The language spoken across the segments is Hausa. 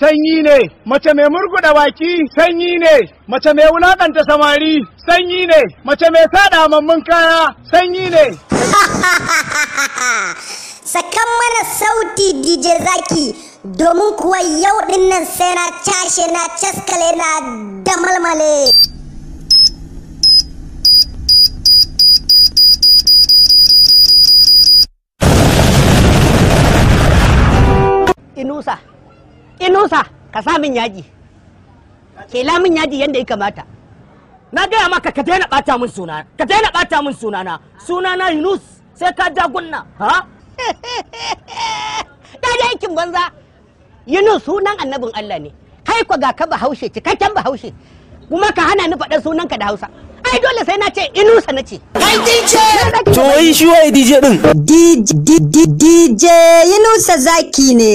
sanyi ne, mace mai murguda baki sanyi ne, mace mai wulaƙanta samari sanyi ne, mace mai sada mamman kaya sanyi ne. Sakan mana sauti DJ Zaki domin kuwa yau dinnan sai na cashe na caskale na damalmale. Inusa. inusa ka sa min yaji ke min yaji yadda ya kamata na gaya maka ka daina bata min suna ka daina bata min sunana sunana yunus sai ka ja gunna ha da da yakin banza yunus sunan annabin allah ne kai ko ga ka bahaushe cikakken bahaushe kuma ka hana ni faɗar ka da hausa ai dole sai na ce inusa na ce kai dj to wai shi wai dj din dj dj dj inusa zaki ne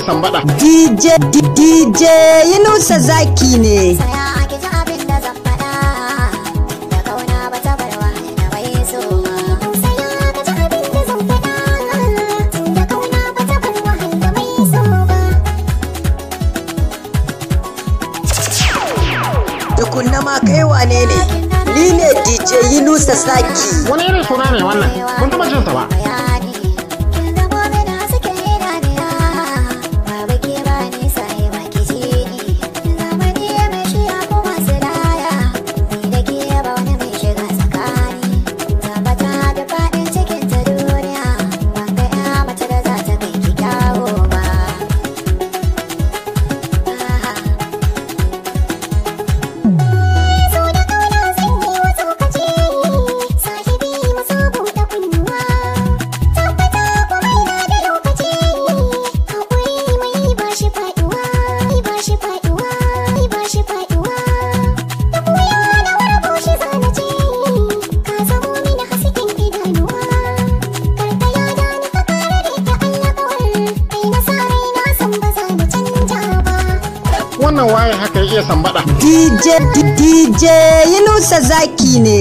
iya sambada. DJ DJ Yunusa Zaki ne. Tukunna ma kai wane ne? Ni ne DJ Yunusa Zaki. Wani irin suna ne wannan? Kun taba jinsa ba? DJ Yunusa Zaki ne.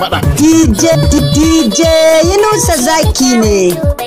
faɗa. DJ DJ Yunusa Zaki ne.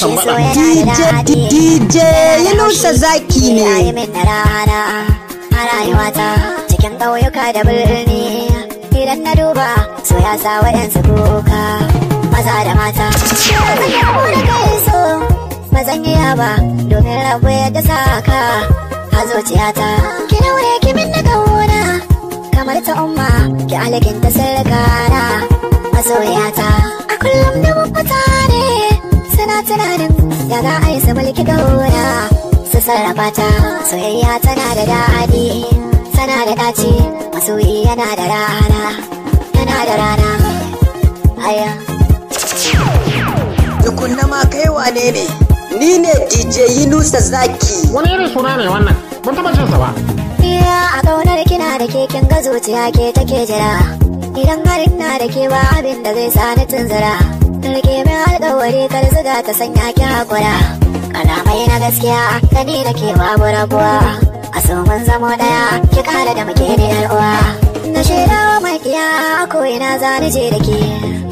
tambada DJ Yunusa Zaki ne a cikin ƙauyuka da birni idan na duba so ya sa waɗansu kuka maza da mata mazan yi ba domin rabu ya da saka a zuciyata ki daure ki min na kamar ta umma ki alkinta sirrikana masoyata su mulki gauna su sarrafa ta soyayya tana da daɗi tana da ɗaci masoyi yana da rana yana da rana aya tukunna ma kai wane ne ni ne DJ Yunusa Zaki wani irin suna ne wannan ban taɓa jin ba iya a kaunar kina da keken gazuciya ke take jira idan har ina da ke ba abin da zai sa ni tunzura rike mai alkawari kar zuga ta sanya ki hakura kalamai na gaskiya da ni da ke babu rabuwa a mun zamo daya ki kare da muke ne yar uwa na shaidawa mai makiya ko ina zani je da ke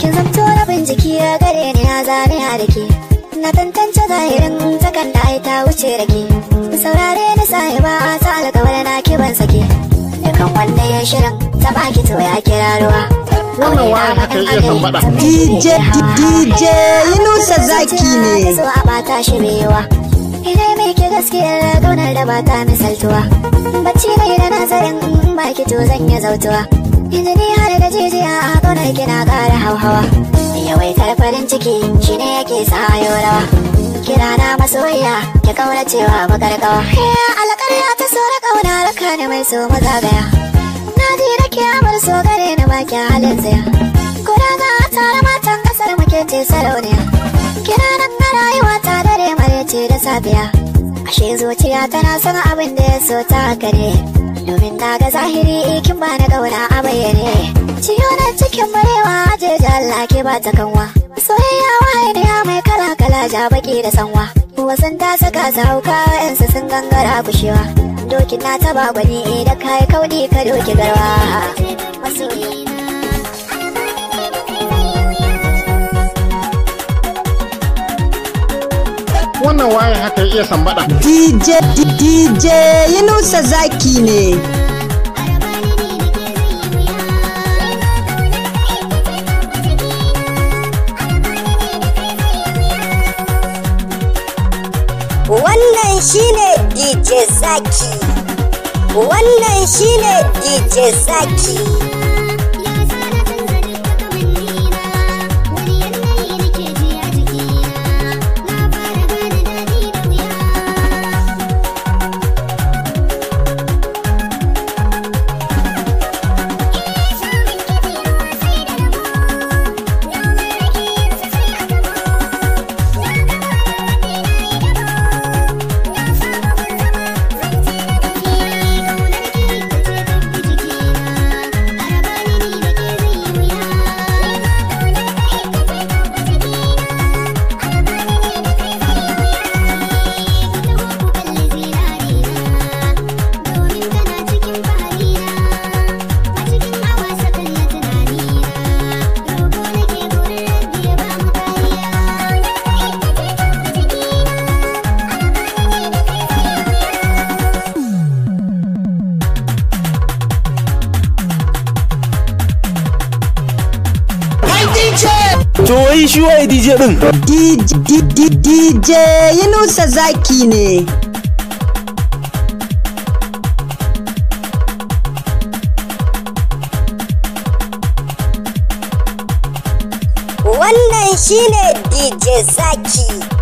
kin zamto rabin jiki a gare ni na zani ya da na tantance zahirin zakan da ai ta wuce da ke saurare ni sahiba ta alƙawar na ki ban sake dukan wanda ya shirin ta baki to ya kira ruwa wannan waya haka iya kan faɗa DJ DJ Yunusa Zaki ne so a bata shi rewa idan mai ki gaskiya gaunar da bata misaltuwa bacci bai da nazarin in baki to zan ya zautuwa yanzu ni har da jijiya a gaunar kina ƙara hauhawa yawaitar farin ciki shine yake sa yau rawa kira na masoya ki kauracewa makarkawa ya Soyayya ta so na ƙauna raka ni mai so mazagaya Na ji da kiyamar so gare ni ba ki halin tsaya Kuna ga tare matan ƙasar muke ce sarauniya Kira nan na rayuwa ta dare mare ce da safiya Ashe zuciya tana son abin da ya so ta gare. Domin ta ga zahiri ikin ba na ƙauna a bayyane Ciyo na cikin barewa ajeji Allah ke ba ta kanwa Soyayya wahayi ya mai kala-kala ja baki da sanwa wasan ta saka zauka yansa sun gangara kushewa doki na taba gwani da kai kaudi ka doki garwa wannan wayan haka ya iya sambada. DJ DJ Yunusa Zaki ne. shine DJ Zaki. Wannan shine DJ Zaki. DJ din Yunusa Zaki ne Wannan shine DJ Zaki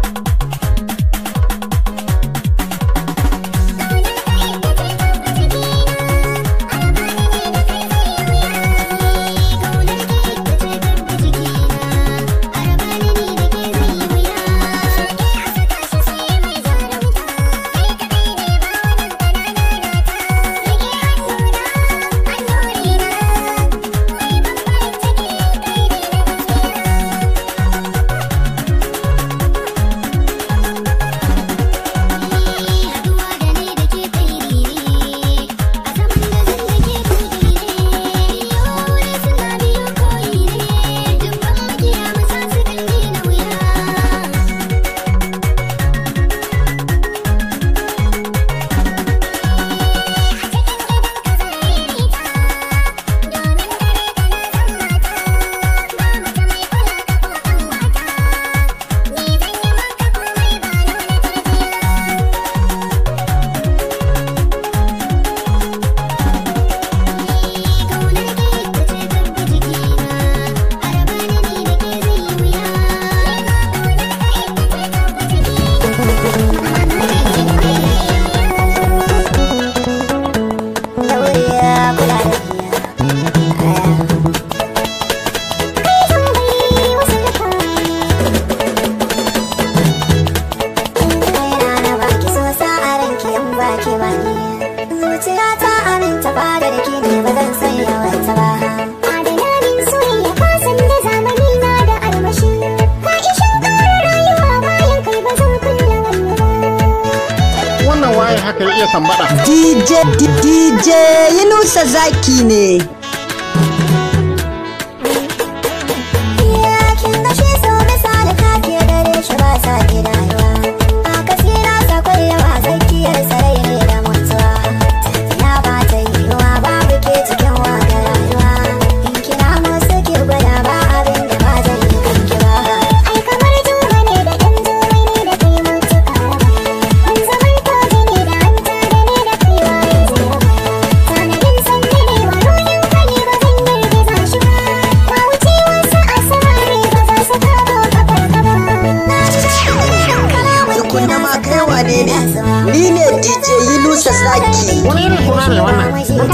Ni ne DJ Yunusa Saki. Wani irin kuna ne wannan? Ban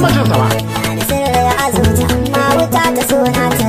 taɓa jinsa ba.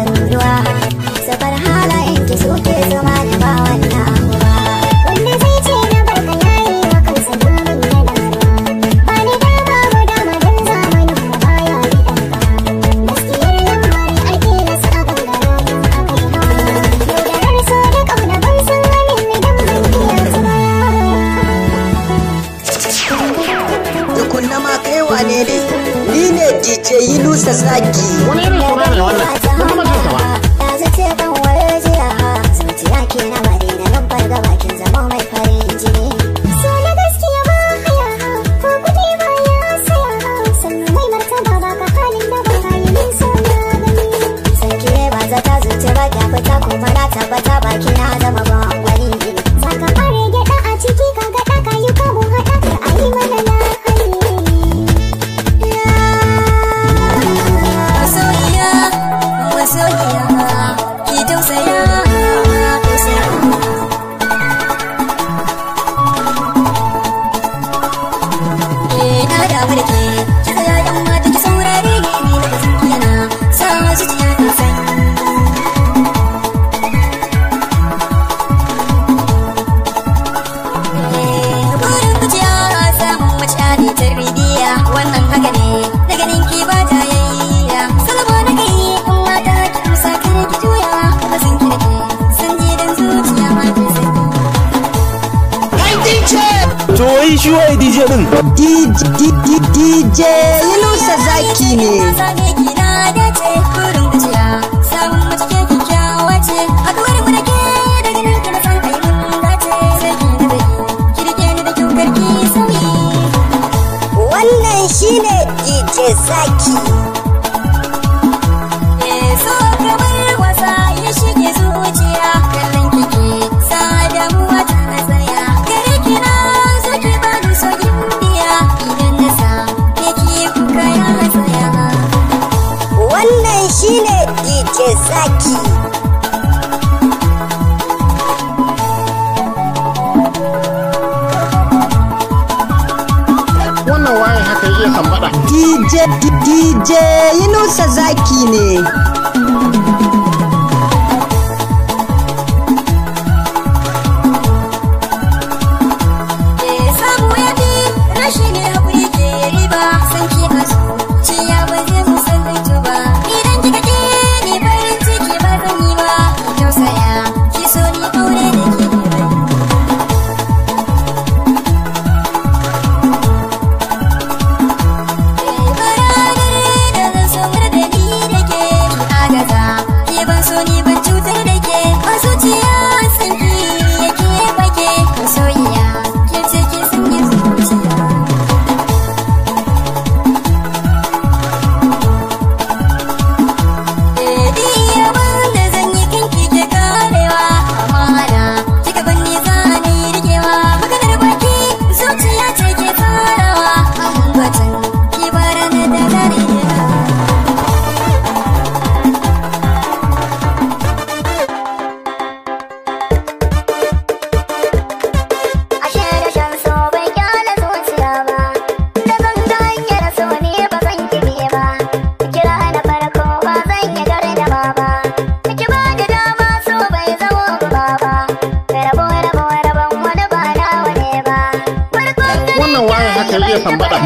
DJ DJ Yunusa Zaki ne.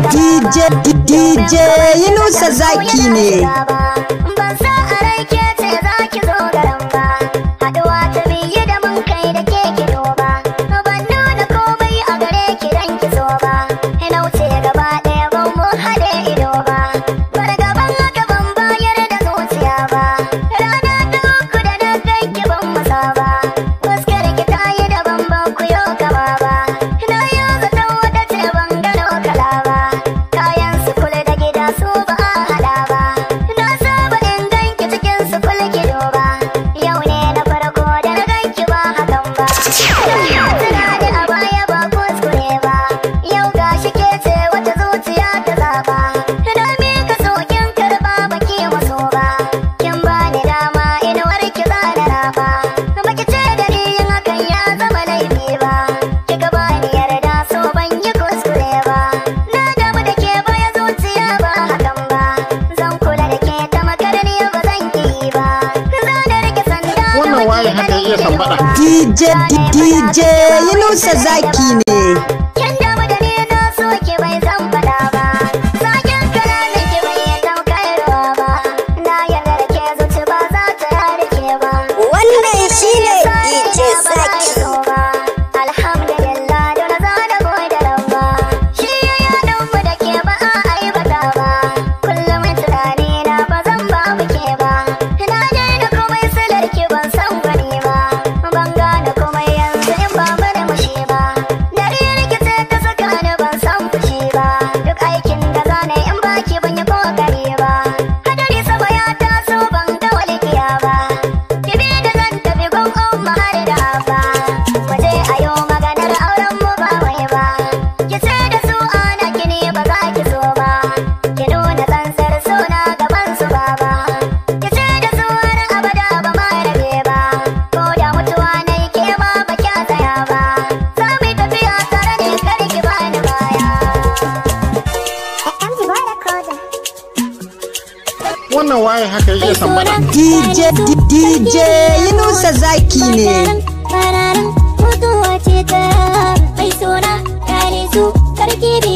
DJ DJ Yunusa Zaki ne. DJ Yunusa Zaki ne. waye haka ya sambada DJ DJ Yunusa Zaki ne mutuwa ce ta mai suna kare su karki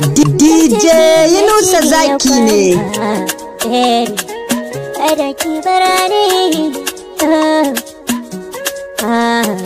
DJ Yunusa Zaki ne. Ada eh, ah. ah.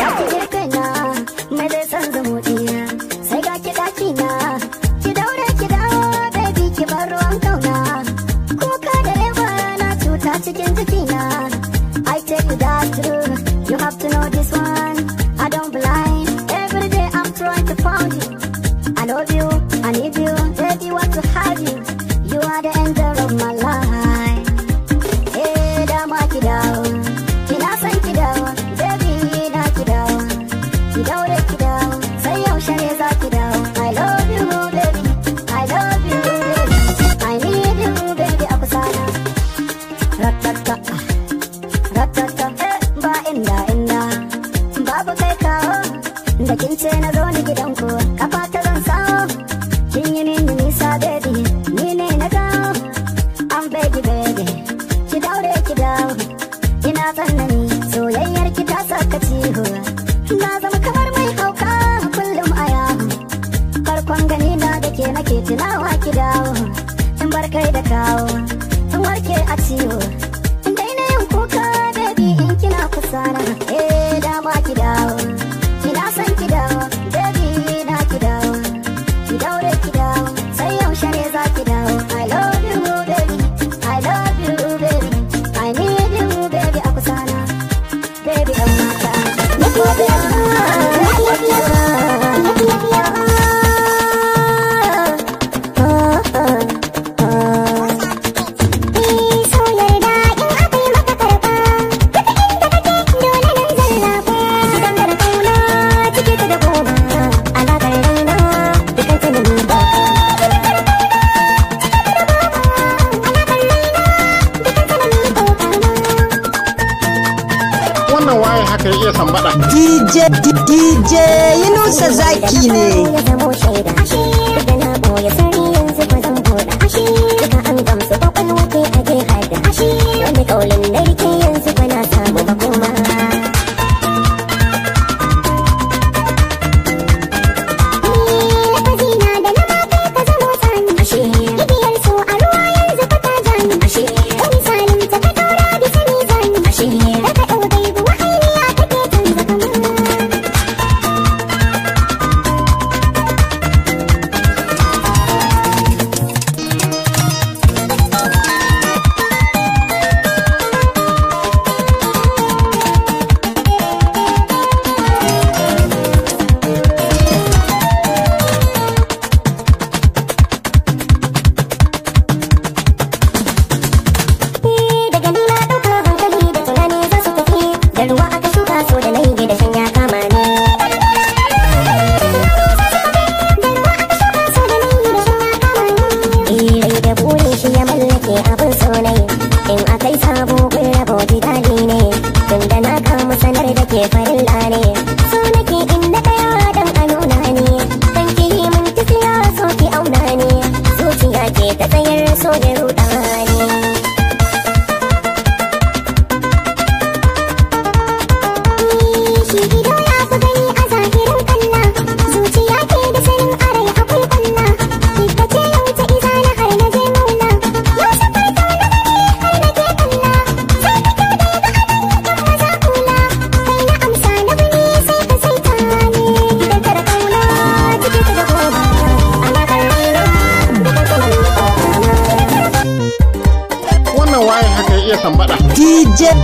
kai da kawo an warke a ciwo dai na yin kuka baby in kina kusa na eh dama gida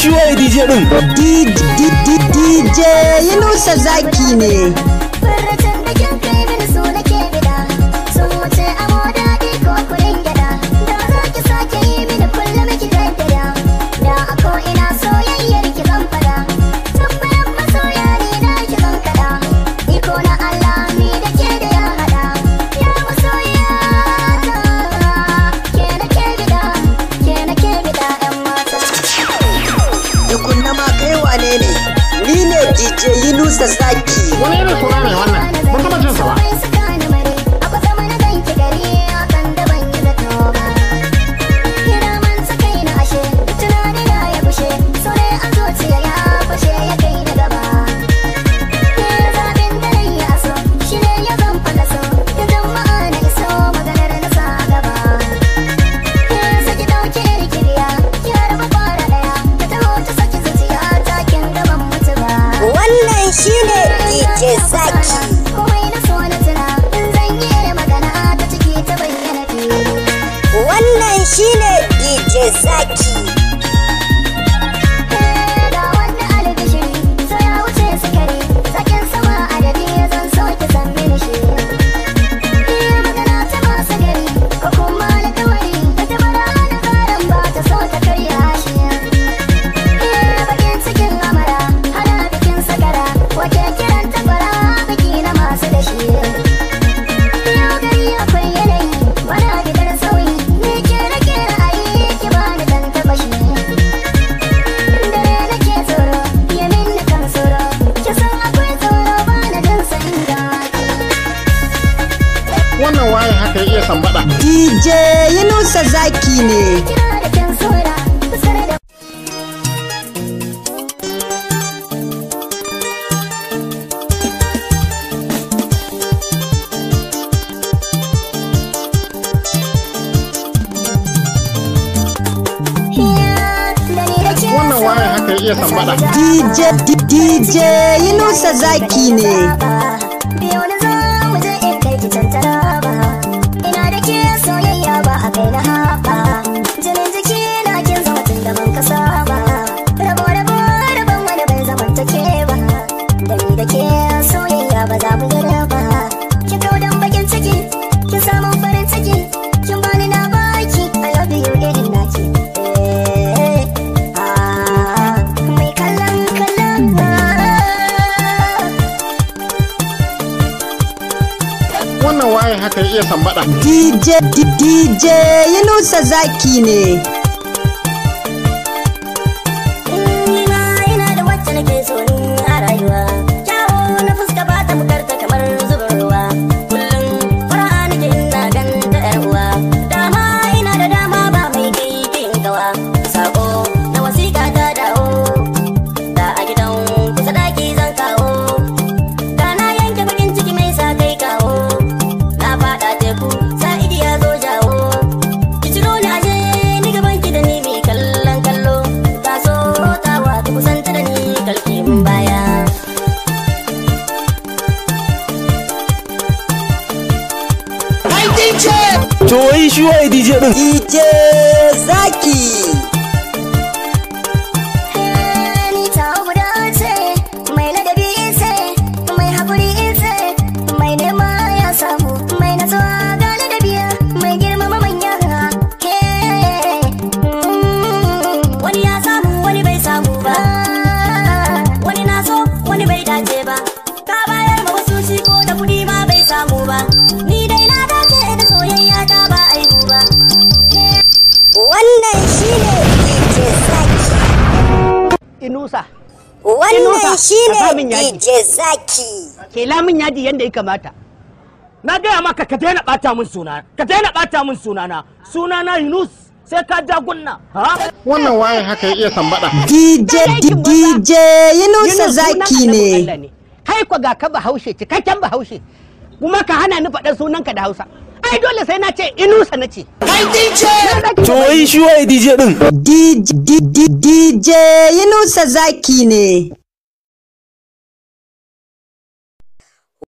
shi waye DJ din DJ Yunusa Zaki ne DJ Zaki. DJ Yunusa Zaki ne. tambada. DJ DJ Yunusa Zaki ne. Ai DJ! To wai shi waye DJ din? DJ Zaki! ya ta ba ba wannan shine DJ Zaki Inusa wannan shine DJ Zaki ke lamun yaji yanda ya kamata na gaya maka ka daina bata min suna ka daina bata min sunana sunana Yunus sai ka ja gunna. Wannan waye haka ya iya sambada. DJ DJ Yunusa Zaki ne. Kai ga ka bahaushe cikakken bahaushe kuma ka hana ni faɗar sunanka da Hausa. ai dole sai na ce inusa na ce kai DJ to shi wai DJ din DJ Inusa Zaki ne